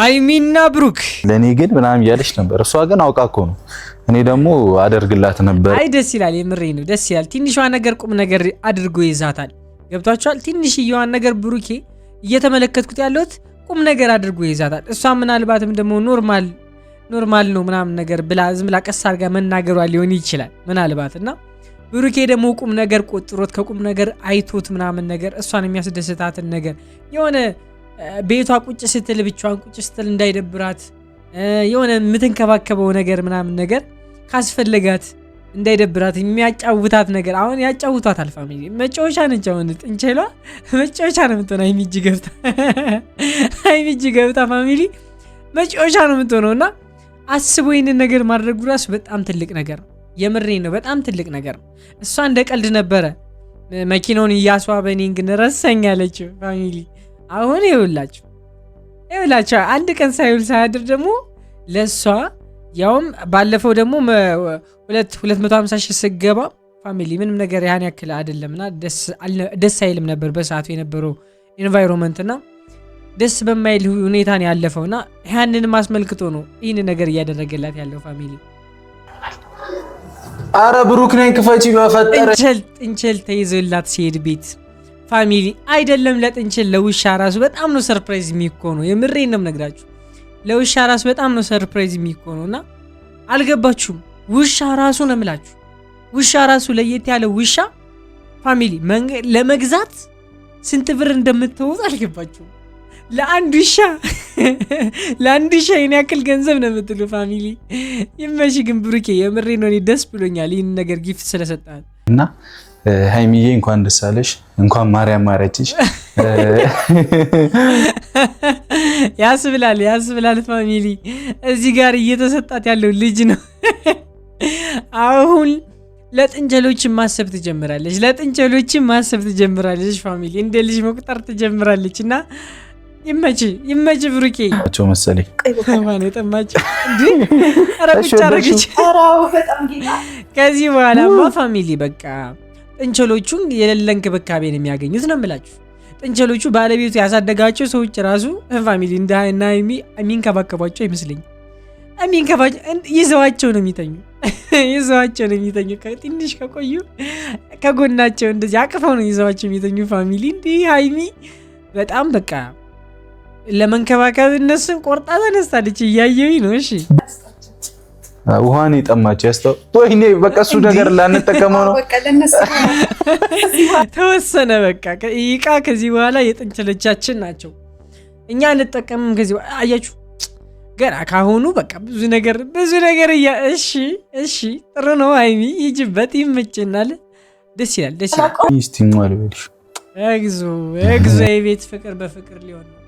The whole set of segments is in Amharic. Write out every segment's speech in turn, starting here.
ሀይሚና ብሩክ ለእኔ ግን ምናምን እያለች ነበር። እሷ ግን አውቃ እኮ ነው። እኔ ደግሞ አደርግላት ነበር። አይ ደስ ይላል፣ የምሬ ነው ደስ ይላል። ትንሿ ነገር ቁም ነገር አድርጎ ይዛታል። ገብቷችኋል? ትንሽየዋን ነገር ብሩኬ እየተመለከትኩት ያለሁት ቁም ነገር አድርጎ ይዛታል። እሷ ምናልባትም ደግሞ ኖርማል ኖርማል ነው ምናምን ነገር ብላ ዝም ብላ ቀስ አድርጋ መናገሯ ሊሆን ይችላል ምናልባት እና ብሩኬ ደግሞ ቁም ነገር ቆጥሮት ከቁም ነገር አይቶት ምናምን ነገር እሷን የሚያስደስታትን ነገር የሆነ ቤቷ ቁጭ ስትል ብቻዋን ቁጭ ስትል እንዳይደብራት የሆነ የምትንከባከበው ነገር ምናምን ነገር ካስፈለጋት እንዳይደብራት የሚያጫውታት ነገር አሁን ያጫውቷታል። ፋሚሊ መጫወቻ ነች። አሁን ጥንቸሏ መጫወቻ ነው የምትሆነ። አይሚጅ ገብታ አይሚጅ ገብታ ፋሚሊ መጫወቻ ነው የምትሆነው እና አስቦ ይህንን ነገር ማድረጉ ራሱ በጣም ትልቅ ነገር ነው። የምሬ ነው። በጣም ትልቅ ነገር ነው። እሷ እንደ ቀልድ ነበረ መኪናውን እያስዋበ እኔን ግን ረሳኝ አለችው ፋሚሊ አሁን ይውላችሁ ይውላችሁ አንድ ቀን ሳይውል ሳያድር ደግሞ ለእሷ ያውም ባለፈው ደግሞ 250 ሺህ ስገባ ፋሚሊ ምንም ነገር ያን ያክል አይደለምና ደስ አይልም ነበር በሰዓቱ የነበረው ኢንቫይሮንመንትና ደስ በማይል ሁኔታ ያለፈውና ያንን አስመልክቶ ነው ይህን ነገር እያደረገላት ያለው ፋሚሊ። አረ ብሩክ ነኝ ክፈቺ በፈጠረ ጥንቸል ጥንቸል ተይዞላት ሲሄድ ቤት ፋሚሊ አይደለም ለጥንቸል ለውሻ ራሱ በጣም ነው ሰርፕራይዝ ነው። የምሬ ነው ነግራችሁ ለውሻ ራሱ በጣም ነው ሰርፕራይዝ ነው። እና አልገባችሁም ውሻ ራሱ ነው የምላችሁ ውሻ ራሱ ለየት ያለ ውሻ ፋሚሊ ለመግዛት ስንት ብር እንደምትወዝ አልገባችሁም ለአንድ ውሻ ለአንድ ውሻ ይህን ያክል ገንዘብ ነው የምትሉ ፋሚሊ ይመሽ ግን ብሩኬ የምሬ ነው ደስ ብሎኛል ይህን ነገር ጊፍት ስለሰጣል እና ሀይሚዬ እንኳን ደስ አለሽ፣ እንኳን ማርያም ማረችሽ። ያስብላል ያስብላል። ፋሚሊ እዚህ ጋር እየተሰጣት ያለው ልጅ ነው። አሁን ለጥንቸሎች ማሰብ ትጀምራለች፣ ለጥንቸሎችን ማሰብ ትጀምራለች። ፋሚሊ እንደ ልጅ መቁጠር ትጀምራለች እና ይመች ይመች ብሩኬ ቸው መሰለኝ ማን የጠማቸው ከዚህ በኋላ ፋሚሊ በቃ ጥንቸሎቹን የሌለ እንክብካቤ ነው የሚያገኙት ነው የምላችሁ። ጥንቸሎቹ ባለቤቱ ያሳደጋቸው ሰዎች ራሱ ፋሚሊ ሀይሚ የሚንከባከቧቸው አይመስለኝም። ይዘዋቸው ነው የሚተኙ ይዘዋቸው ነው የሚተኙ። ትንሽ ከቆዩ ከጎናቸው እንደዚህ አቅፈው ነው ይዘዋቸው የሚተኙ። ፋሚሊ እንዲህ ሀይሚ በጣም በቃ ለመንከባከብ እነሱን ቆርጣ ተነስታለች። እያየሁኝ ነው። እሺ ውሃን የጠማች ያስተው ወይኔ፣ በቃ እሱ ነገር ላንጠቀመው ነው ተወሰነ። በቃ ይቃ ከዚህ በኋላ የጥንችልቻችን ናቸው፣ እኛ አንጠቀምም። ከዚህ አያችሁ ገና ካሁኑ በቃ ብዙ ነገር ብዙ ነገር እያ እሺ፣ እሺ፣ ጥሩ ነው። ሀይሚ ይጅበት ይመችናል። ደስ ይላል፣ ደስ ይላል። ይስቲኛል በልሽ እግዚኦ፣ እግዚኦ የቤት ፍቅር በፍቅር ሊሆን ነው።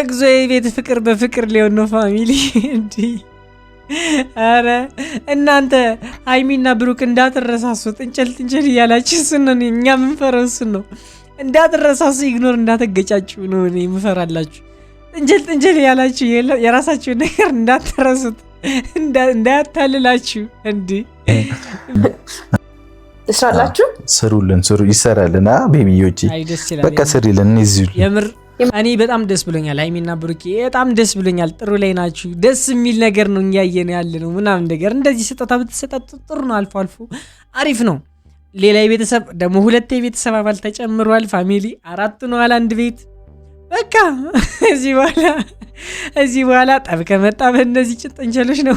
እግዚኦ የቤት ፍቅር በፍቅር ሊሆን ነው። ፋሚሊ እንዲህ አረ እናንተ ሀይሚና ብሩክ እንዳትረሳሱት፣ ጥንቸል ጥንቸል እያላችሁ እሱን እኛ የምንፈረው። እሱን ነው እንዳትረሳሱ፣ ኢግኖር እንዳትገጫችሁ ነው እኔ ምፈራላችሁ ጥንቸል ጥንቸል እያላችሁ የራሳችሁን ነገር እንዳትረሱት፣ እንዳያታልላችሁ። እንዲ ስራላችሁ ስሩልን፣ ስሩ ይሰራልን ቤቢዮቼ በቃ ስሪልን የምር እኔ በጣም ደስ ብሎኛል። ሀይሚና ብሩኬ በጣም ደስ ብሎኛል። ጥሩ ላይ ናችሁ። ደስ የሚል ነገር ነው እያየን ያለ ነው ምናምን ነገር እንደዚህ ስጠታ ብትሰጠጡ ጥሩ ነው። አልፎ አልፎ አሪፍ ነው። ሌላ የቤተሰብ ደግሞ ሁለት የቤተሰብ አባል ተጨምሯል። ፋሚሊ አራቱ ነው አለ አንድ ቤት በቃ እዚህ በኋላ እዚህ በኋላ ጠብ ከመጣ በእነዚህ ጭጥንቸሎች ነው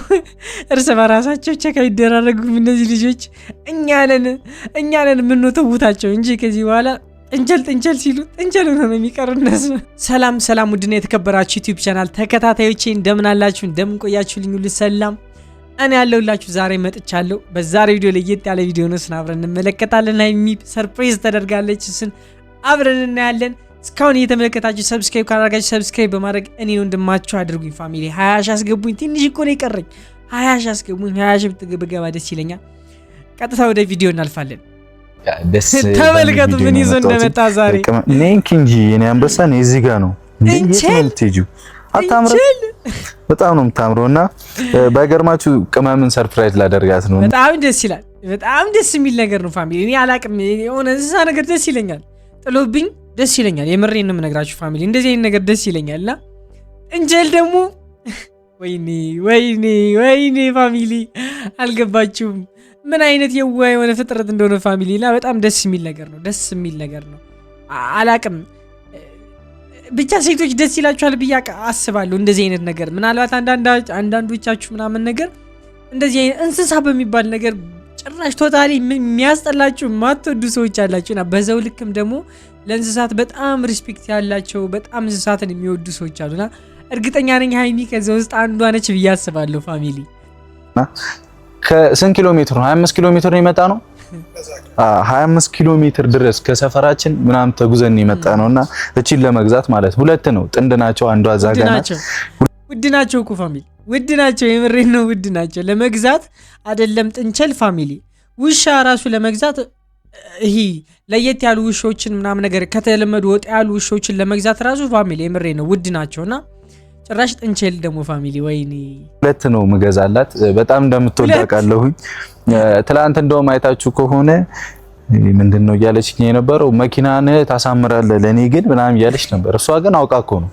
እርስ በራሳቸው ቸክ አይደራረጉም። እነዚህ ልጆች እኛ ነን የምንተውታቸው እንጂ ከዚህ በኋላ ጥንጀል ጥንጀል ሲሉ ጥንጀል ነው የሚቀር እነሱ። ሰላም ሰላም፣ ውድን የተከበራችሁ ዩቲዩብ ቻናል ተከታታዮቼ እንደምን አላችሁ? እንደምን ቆያችሁ? ልኝ ሁሉ ሰላም እኔ ያለሁላችሁ ዛሬ መጥቻለሁ። በዛሬ ቪዲዮ ለየት ያለ ቪዲዮ ነው፣ እሱን አብረን እንመለከታለን። ሀይሚ ሰርፕራይዝ ተደርጋለች፣ እሱን አብረን እናያለን። እስካሁን እየተመለከታችሁ ሰብስክራይብ ካላደረጋችሁ ሰብስክራይብ በማድረግ እኔን ወንድማችሁ አድርጉኝ። ፋሚሊ ሀያ ሺህ አስገቡኝ። ትንሽ እኮ ነው የቀረኝ። ሀያ ሺህ አስገቡኝ። ሀያ ሺህ ብትገባ ደስ ይለኛል። ቀጥታ ወደ ቪዲዮ እናልፋለን። ተመልከት ምን ይዞ እንደመጣ ዛሬ። እንኪ እንጂ እኔ አንበሳ ነኝ። እዚህ ጋር ነው እንጂ አታምርም። በጣም ነው የምታምረው። እና በገርማችሁ ቅመምን ሰርፕራይዝ ላደርጋት ነው። በጣም ደስ ይላል። በጣም ደስ የሚል ነገር ነው ፋሚሊ። እኔ አላቅም የሆነ እንስሳ ነገር ደስ ይለኛል። ጥሎብኝ ደስ ይለኛል። የምሬን ነው የምነግራችሁ ፋሚሊ፣ እንደዚህ አይነት ነገር ደስ ይለኛል። እና እንጀል ደግሞ ወይኔ ወይኔ ወይኔ ፋሚሊ አልገባችሁም ምን አይነት የዋ የሆነ ፍጥረት እንደሆነ ፋሚሊ እና በጣም ደስ የሚል ነገር ነው። ደስ የሚል ነገር ነው። አላቅም ብቻ ሴቶች ደስ ይላችኋል ብዬ አስባለሁ። እንደዚህ አይነት ነገር ምናልባት አንዳንዶቻችሁ ምናምን ነገር እንደዚህ አይነት እንስሳ በሚባል ነገር ጭራሽ ቶታሊ የሚያስጠላችሁ ማትወዱ ሰዎች ና በዛው ልክም ደግሞ ለእንስሳት በጣም ሪስፔክት ያላቸው በጣም እንስሳትን የሚወዱ ሰዎች አሉና እርግጠኛ ነኝ ሀይሚ ከዚ ውስጥ አንዷ ነች ብዬ አስባለሁ ፋሚሊ ከስንት ኪሎ ሜትር ነው? 25 ኪሎ ሜትር ነው የመጣ ነው። 25 ኪሎ ሜትር ድረስ ከሰፈራችን ምናም ተጉዘን የመጣ ነውና እቺን ለመግዛት ማለት ሁለት ነው። ጥንድ ናቸው። አንዷ ዛጋ ውድ ናቸው እኮ ፋሚሊ ውድ ናቸው። የምሬ ነው። ውድ ናቸው ለመግዛት አይደለም ጥንቸል ፋሚሊ ውሻ ራሱ ለመግዛት ይሄ ለየት ያሉ ውሾችን ምናምን ነገር ከተለመዱ ወጣ ያሉ ውሾችን ለመግዛት ራሱ ፋሚሊ የምሬ ነው ውድ ናቸውና ጭራሽ ጥንቸል ደግሞ ፋሚሊ ወይኔ ሁለት ነው ምገዛላት። በጣም እንደምትወዳ ትላንት እንደውም አይታችሁ ከሆነ ምንድን ነው እያለችኝ የነበረው መኪናን ታሳምራለ ለእኔ ግን ምናምን እያለች ነበር። እሷ ግን አውቃ እኮ ነው።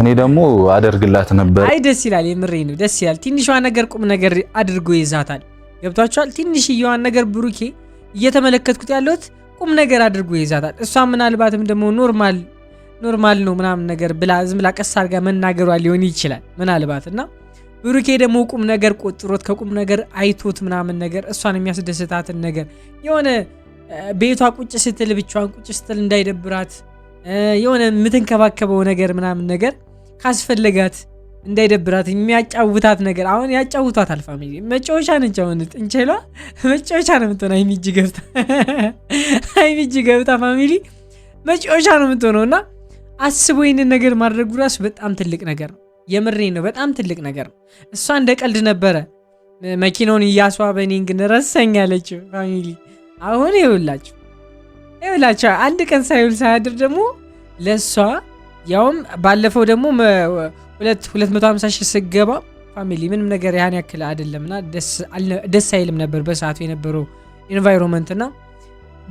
እኔ ደግሞ አደርግላት ነበር። አይ ደስ ይላል፣ የምሬ ነው ደስ ይላል። ትንሿ ነገር ቁም ነገር አድርጎ ይዛታል። ገብቷችኋል? ትንሽዬዋን ነገር ብሩኬ እየተመለከትኩት ያለሁት ቁም ነገር አድርጎ ይዛታል። እሷ ምናልባትም ደግሞ ኖርማል ኖርማል ነው ምናምን ነገር ብላ ዝም ብላ ቀስ አድርጋ መናገሯ ሊሆን ይችላል ምናልባት እና ብሩኬ ደግሞ ቁም ነገር ቆጥሮት ከቁም ነገር አይቶት ምናምን ነገር እሷን የሚያስደስታትን ነገር የሆነ ቤቷ ቁጭ ስትል ብቻዋን ቁጭ ስትል እንዳይደብራት የሆነ የምትንከባከበው ነገር ምናምን ነገር ካስፈለጋት እንዳይደብራት የሚያጫውታት ነገር አሁን ያጫውቷታል። ፋሚሊ መጫወቻ ነች። አሁን ጥንቸሏ መጫወቻ ነው የምትሆነው። አይሚጅ ገብታ አይሚጅ ገብታ ፋሚሊ መጫወቻ ነው የምትሆነው እና አስቦ ይህንን ነገር ማድረጉ ራሱ በጣም ትልቅ ነገር ነው። የምሬ ነው። በጣም ትልቅ ነገር ነው። እሷ እንደ ቀልድ ነበረ መኪናውን እያስዋበ እኔን ግን ረሳኝ አለችው። ፋሚሊ አሁን ይውላችሁ ይውላችሁ አንድ ቀን ሳይውል ሳያድር ደግሞ ለእሷ ያውም ባለፈው ደግሞ 250 ሺህ ስገባ ፋሚሊ ምንም ነገር ያን ያክል አይደለምና ደስ አይልም ነበር በሰዓቱ የነበረው ኢንቫይሮንመንትና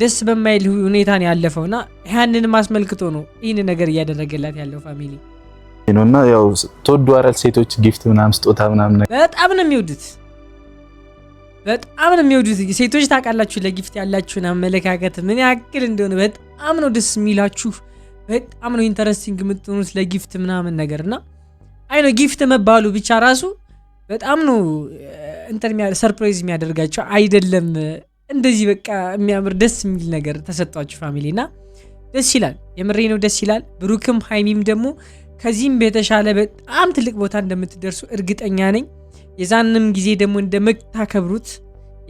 ደስ በማይል ሁኔታ ነው ያለፈው እና ያንንም አስመልክቶ ነው ይህን ነገር እያደረገላት ያለው ፋሚሊ ነውና ያው ተወዱ ተወዷራል። ሴቶች ጊፍት ምናምን ስጦታ ምናምን በጣም ነው የሚወዱት በጣም ነው የሚወዱት ሴቶች። ታውቃላችሁ ለጊፍት ያላችሁን አመለካከት ምን ያክል እንደሆነ በጣም ነው ደስ የሚላችሁ። በጣም ነው ኢንተረስቲንግ የምትሆኑት ለጊፍት ምናምን ነገር እና አይ ነው ጊፍት መባሉ ብቻ ራሱ በጣም ነው እንትን ሰርፕራይዝ የሚያደርጋቸው አይደለም እንደዚህ በቃ የሚያምር ደስ የሚል ነገር ተሰጧችሁ ፋሚሊ እና ደስ ይላል። የምሬ ነው፣ ደስ ይላል። ብሩክም ሀይሚም ደግሞ ከዚህም በተሻለ በጣም ትልቅ ቦታ እንደምትደርሱ እርግጠኛ ነኝ። የዛንም ጊዜ ደግሞ እንደምታከብሩት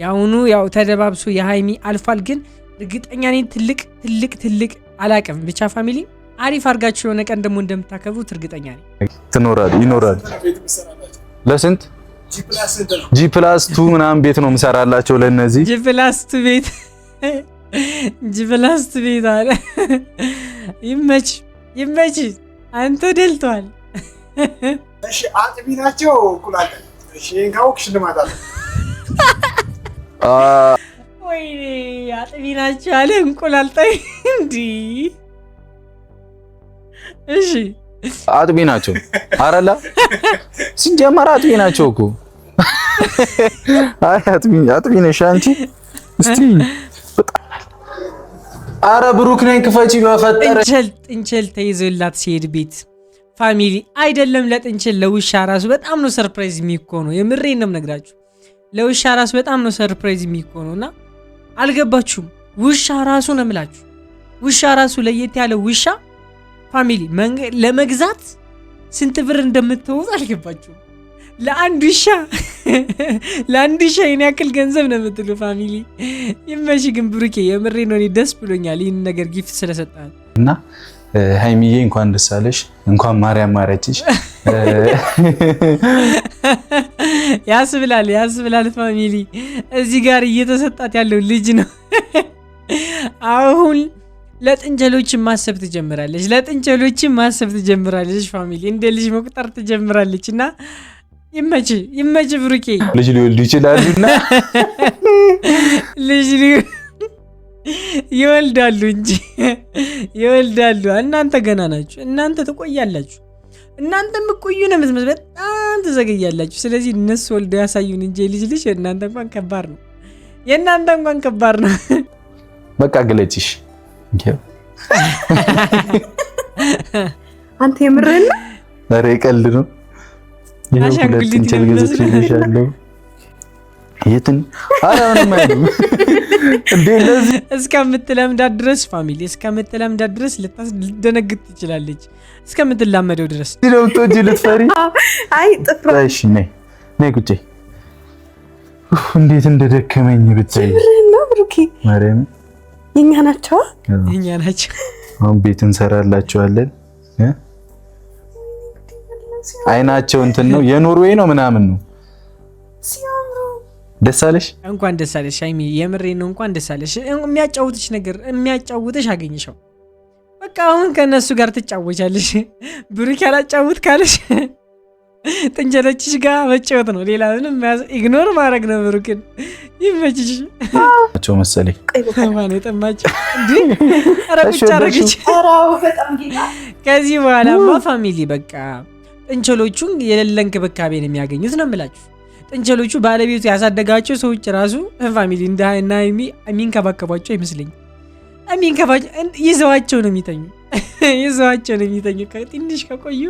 የአሁኑ ያው ተደባብሶ የሀይሚ አልፏል፣ ግን እርግጠኛ ነኝ ትልቅ ትልቅ ትልቅ አላቅም ብቻ ፋሚሊ አሪፍ አድርጋችሁ የሆነ ቀን ደግሞ እንደምታከብሩት እርግጠኛ ነኝ። ትኖራል ይኖራል ለስንት ጂፕላስ ቱ ምናምን ቤት ነው የምሰራላቸው ለእነዚህ ጂፕላስ ቱ ቤት ጂፕላስ ቱ ቤት አለ። ይመች ይመች፣ አንተ ደልቷል። እሺ አጥቢ ናቸው እንቁላል። እሺ እንካውክ ሽልማት አለ። ወይኔ አጥቢ ናቸው አለ እንቁላል ጣይ እንዲ እሺ አጥቢ ናቸው አረላ ሲጀመር አጥቢ ናቸው እኮ አይ አጥቢ አጥቢ ነሽ አንቺ። እስቲ አረ ብሩክ ነኝ ክፈች በፈጠረ እንችል እንችል ተይዞላት ሲሄድ ቤት ፋሚሊ አይደለም ለጥንችል ለውሻ ራሱ በጣም ነው ሰርፕራይዝ የሚኮኑ የምሬ ነው የምነግራችሁ። ለውሻ ራሱ በጣም ነው ሰርፕራይዝ የሚኮኑ እና አልገባችሁም። ውሻ ራሱ ነው የምላችሁ። ውሻ ራሱ ለየት ያለ ውሻ ፋሚሊ ለመግዛት ስንት ብር እንደምትወጥ አልገባችሁም ለአንድ ውሻ ለአንድ ሺህ አይን ያክል ገንዘብ ነው የምትሉ ፋሚሊ ይመሽ። ግን ብሩኬ የምሬ ነው፣ እኔ ደስ ብሎኛል ይህን ነገር ጊፍት ስለሰጣል እና ሀይሚዬ እንኳን ደስ አለሽ፣ እንኳን ማርያም ማረችሽ። ያስብላል ያስብላል ፋሚሊ። እዚህ ጋር እየተሰጣት ያለው ልጅ ነው። አሁን ለጥንቸሎች ማሰብ ትጀምራለች፣ ለጥንቸሎችን ማሰብ ትጀምራለች ፋሚሊ። እንደ ልጅ መቁጠር ትጀምራለች እና ይመች ይመች ብሩኬ ልጅ ሊወልዱ ይችላሉና ልጅ ይወልዳሉ እንጂ ይወልዳሉ። እናንተ ገና ናችሁ። እናንተ ትቆያላችሁ። እናንተ ቆዩ ነው የምትመስል፣ በጣም ትዘገያላችሁ። ስለዚህ እነሱ ወልደው ያሳዩን እንጂ ልጅ ልጅ የእናንተ እንኳን ከባድ ነው። የእናንተ እንኳን ከባድ ነው። በቃ ግለጭሽ አንተ የምርህን? ኧረ ቀልድ ነው ሁለት እንጨት እስከምትለምዳት ድረስ ፋሚሊ እስከምትለምዳት ድረስ ልታስደነግጥ ትችላለች። እስከምትላመደው ድረስ ልትፈሪ ቁጭ እንዴት እንደደከመኝ ብታይ ነው ብሩኬ። ማርያም የኛ ናቸው የኛ ናቸው። አሁን ቤት አይናቸው እንትን ነው የኖርዌይ ነው ምናምን ነው። ደስ አለሽ፣ እንኳን ደስ አለሽ ሀይሚ፣ የምሬ ነው። እንኳን ደስ አለሽ። የሚያጫውትሽ ነገር የሚያጫውትሽ አገኘሽው። በቃ አሁን ከእነሱ ጋር ትጫወቻለሽ። ብሩክ ያላጫውት ካለሽ ጥንጀለችሽ ጋር መጫወት ነው፣ ሌላ ምንም ኢግኖር ማድረግ ነው። ብሩክን ይመችሽ መሰለኝ ማን የጠማቸው ኧረ ቁጭ ከዚህ በኋላማ ፋሚሊ በቃ ጥንቸሎቹን የሌለ እንክብካቤ ነው የሚያገኙት ነው የምላችሁ። ጥንቸሎቹ ባለቤቱ ያሳደጋቸው ሰዎች ራሱ ፋሚሊ እና የሚንከባከቧቸው አይመስለኝ። ይዘዋቸው ነው የሚተኙ ይዘዋቸው ነው የሚተኙ። ትንሽ ከቆዩ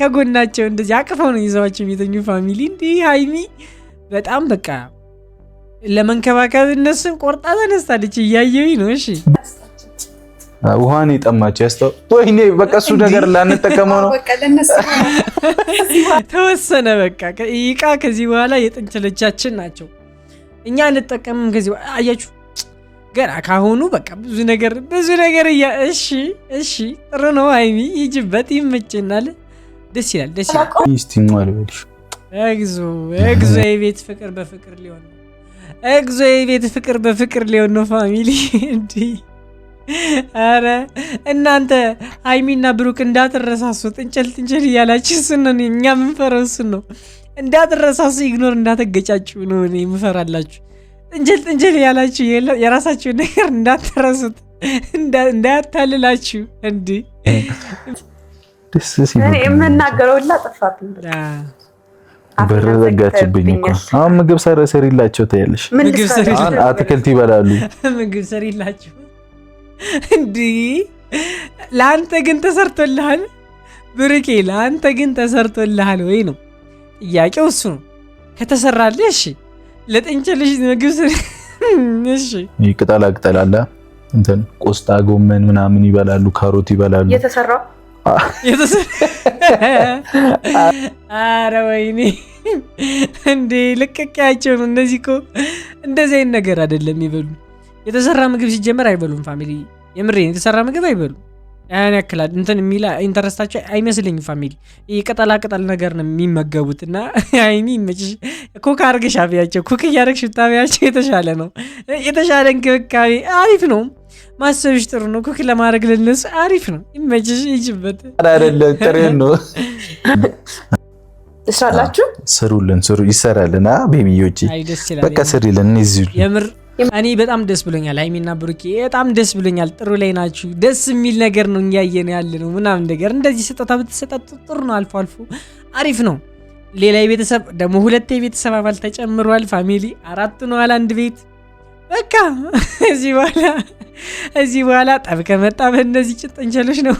ከጎናቸው እንደዚህ አቅፈው ነው ይዘዋቸው የሚተኙ። ፋሚሊ እንዲህ ሀይሚ በጣም በቃ ለመንከባከብ እነሱን ቆርጣ ተነስታለች። እያየሁኝ ነው። እሺ ውሃን የጠማች ያስተው ወይኔ፣ በቃ እሱ ነገር ላንጠቀመው ነው ተወሰነ። በቃ ይቃ ከዚህ በኋላ የጥንችሎቻችን ናቸው፣ እኛ አንጠቀምም። ከዚህ አያችሁ፣ ገና ካሁኑ በቃ ብዙ ነገር ብዙ ነገር እያ እሺ፣ እሺ፣ ጥሩ ነው። ሀይሚ ይጅበት፣ ይመችናል፣ ደስ ይላል፣ ደስ ይላል። ይስቲኛል በልሽ እግዚኦ፣ እግዚኦ፣ የቤት ፍቅር በፍቅር ሊሆን ነው። እግዞ የቤት ፍቅር በፍቅር ሊሆን ነው። ፋሚሊ እንዲህ አረ እናንተ ሀይሚና ብሩክ እንዳትረሳሱት፣ ጥንቸል ጥንቸል እያላችሁ እሱን ነው እኛ የምንፈራው፣ እሱን ነው እንዳትረሳሱ፣ ኢግኖር እንዳትገጫችሁ ነው እኔ የምፈራላችሁ። ጥንቸል ጥንቸል ያላችሁ የራሳችሁ ነገር እንዳትረሱት፣ እንዳያታልላችሁ። እንዲ የምናገረው ሁላ በር ዘጋችብኝ እኮ አሁን ምግብ ሰሪላቸው ታያለሽ። ምግብ ሰሪላቸው አትክልት ይበላሉ። ምግብ ሰሪላቸው እንዲህ ለአንተ ግን ተሰርቶልሃል ብርቄ፣ ለአንተ ግን ተሰርቶልሃል ወይ ነው ጥያቄው። እሱ ነው ከተሰራልህ፣ እሺ ለጥንቸ ልጅ ምግብ ስ እሺ ቅጠላ ቅጠል አለ እንትን ቆስጣ፣ ጎመን ምናምን ይበላሉ፣ ካሮት ይበላሉ። አረ ወይኔ እንዴ ልቀቂያቸው ነው። እነዚህ እኮ እንደዚህ አይነት ነገር አይደለም ይበሉ የተሰራ ምግብ ሲጀመር አይበሉም ፋሚሊ። የምሬ የተሰራ ምግብ አይበሉም። ያን ያክላል እንትን የሚላ ኢንተረስታቸው አይመስለኝም ፋሚሊ። ይህ ቅጠላ ቅጠል ነገር ነው የሚመገቡት። እና አይኒ መጭሽ ኩክ አርግሽ አብያቸው ኩክ እያደረግሽ ብታብያቸው የተሻለ ነው። የተሻለ እንክብካቤ አሪፍ ነው። ማሰብሽ ጥሩ ነው። ኩክ ለማድረግ ልነሱ አሪፍ ነው። ይመችሽ፣ ይጅበት አይደለም ጥሬ ነው ትስራላችሁ። ስሩልን፣ ስሩ ይሰራልን። ቤቢዮች በቃ ስሪልን የምር እኔ በጣም ደስ ብሎኛል። ሀይሚና ብሩኬ በጣም ደስ ብሎኛል። ጥሩ ላይ ናችሁ። ደስ የሚል ነገር ነው እያየን ያለ ነው ምናምን ነገር እንደዚህ ስጠታ ብትሰጣጡ ጥሩ ነው። አልፎ አልፎ አሪፍ ነው። ሌላ የቤተሰብ ደግሞ ሁለት የቤተሰብ አባል ተጨምሯል። ፋሚሊ አራት ነዋል አንድ ቤት በቃ እዚህ በኋላ እዚህ በኋላ ጠብ ከመጣ በእነዚህ ጭጥንቸሎች ነው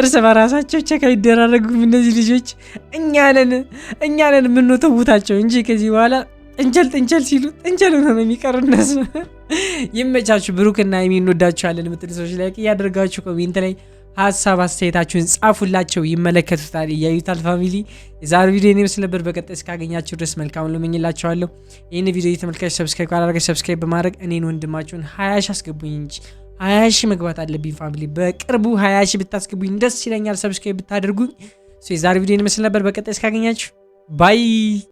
እርስ በራሳቸው ቸክ አይደራረጉም። እነዚህ ልጆች እኛንን እኛንን የምንተውታቸው እንጂ ከዚህ በኋላ ጥንቸል ጥንጀል ሲሉ ጥንጀል ነው የሚቀር እነሱ። ይመቻችሁ። ብሩክና ሀይሚ እንወዳችኋለን የምትል ሰዎች ላይ እያደርጋችሁ ኮሜንት ላይ ሀሳብ አስተያየታችሁን ጻፉላቸው፣ ይመለከቱታል፣ እያዩታል። ፋሚሊ የዛሬ ቪዲዮ እኔ ምስል ነበር። በቀጣይ እስካገኛችሁ ድረስ መልካም ልመኝላችኋለሁ። ይህን ቪዲዮ የተመልካች ሰብስክራይብ ካላደረገ ሰብስክራይብ በማድረግ እኔን ወንድማችሁን ሀያ ሺ አስገቡኝ እንጂ ሀያ ሺ መግባት አለብኝ ፋሚሊ። በቅርቡ ሀያ ሺ ብታስገቡኝ ደስ ይለኛል። ሰብስክራይብ ብታደርጉኝ። የዛሬ ቪዲዮ እኔ ምስል ነበር። በቀጣይ እስካገኛችሁ ባይ